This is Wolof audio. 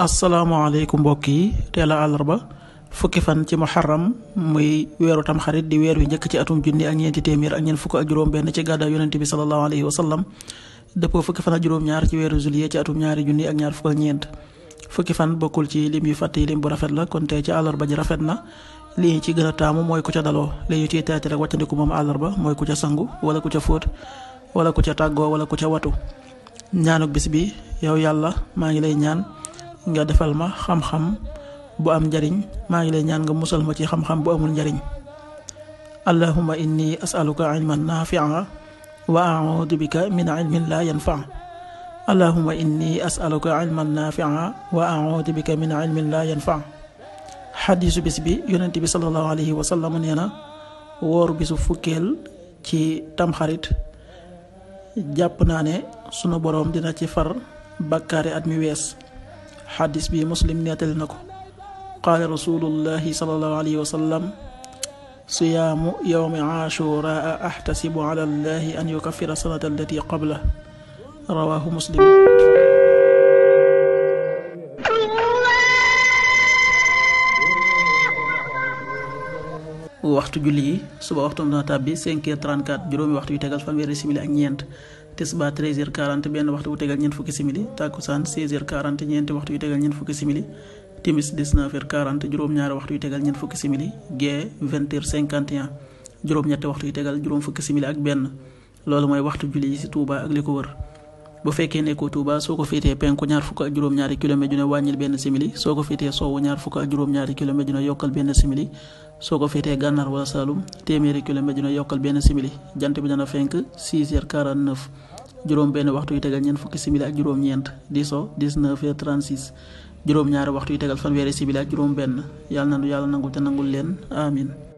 asalaamaaleykum mbokk yi teel a àllarba fukki fan ci mooy muy tam tamxarit di weer wi njëkk ci atum junni ak ñeenti téeméer ak ñeent fukk ak juróom-benn ci gàddaa yonente bi sallallahu alayhi wa sallam dëppoo fukki fan ak juróom-ñaar ci weeru juillet ci ñaari junni ak ñaar fukk ñeent fukki fan bokkul ci lim yu fàtte yi lim bu rafet la kon tey ci àllarba ji rafet na li ñu ci gën taamu mooy ku ca daloo li ñu ciy teete rek wàccandiku moom àllarba mooy ku ca sangu wala ku ca fóot wala ku ca tàggoo wala ku ca watu ñaanuk bis bi yow yàlla maa ngi lay ñaan nga defal ma xam-xam bu am njariñ maa ngi lay ñaan nga musal ma ci xam-xam bu amul njariñ allahuma inni asaluka ilman nafia wa audu bika min ilmin la yanfa allahuma inni asaluka ilman nafia wa audu bika min ilmin la yanfa xadiisu bis bi yonent bi sallallahu alayhi wa sallam nee na woor bisu fukkeel ci tamxarit jàpp naa ne sunu boroom dina ci far bàkkaari at mi wees xadis bi muslim nettali na ko qaala rasulullahi salallahu alayhi wa sallam siyaamu yowmi ashuraa ahtasibu ala allahi an yukaffira sanata allati qabla rawahu muslim waxtu julli yi suba waxtu na tàbbi 5h34 juróomi waxtu yu tegal fanweeri simili ak ñeent tisbaar 13h40 benn waxtu bu tegal ñeent fukki simili takkusaan 16h40 ñeenti waxtu yu tegal ñeent fukki simili timis 19 h juróom tegal juróom-ñetti waxtu yu tegal juróom fukki simili ak benn loolu mooy waxtu julli yi ci Touba ak li ko wër bu fekkee nekkoo Touba soo ko féetee penku ñaar fukk ak juróom-ñaari kilomètre ju ne wàññil benn simili soo ko féetee soowu ñaar fukk ak juróom-ñaari kilomètre ju ne yokkal benn simili soo ko fiitee gànnaar wala Saloum téeméeri kilomètre dina yokkal benn simili jant bi dana fenk 6 heures 49 juróom benn waxtu yu tegal ñeent fukki simili ak juróom-ñeent di so 19 heures 36 juróom-ñaari waxtu yu tegal fanweeri simili ak juróom benn yàlla na nu yàlla nangul te nangul leen amin